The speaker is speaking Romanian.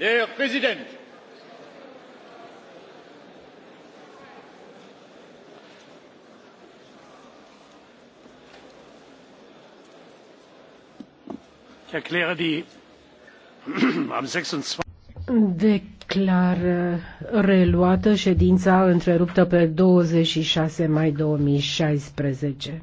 Der Präsident. Ich erkläre die am 26. Declar uh, reluată ședința întreruptă pe 26 mai 2016.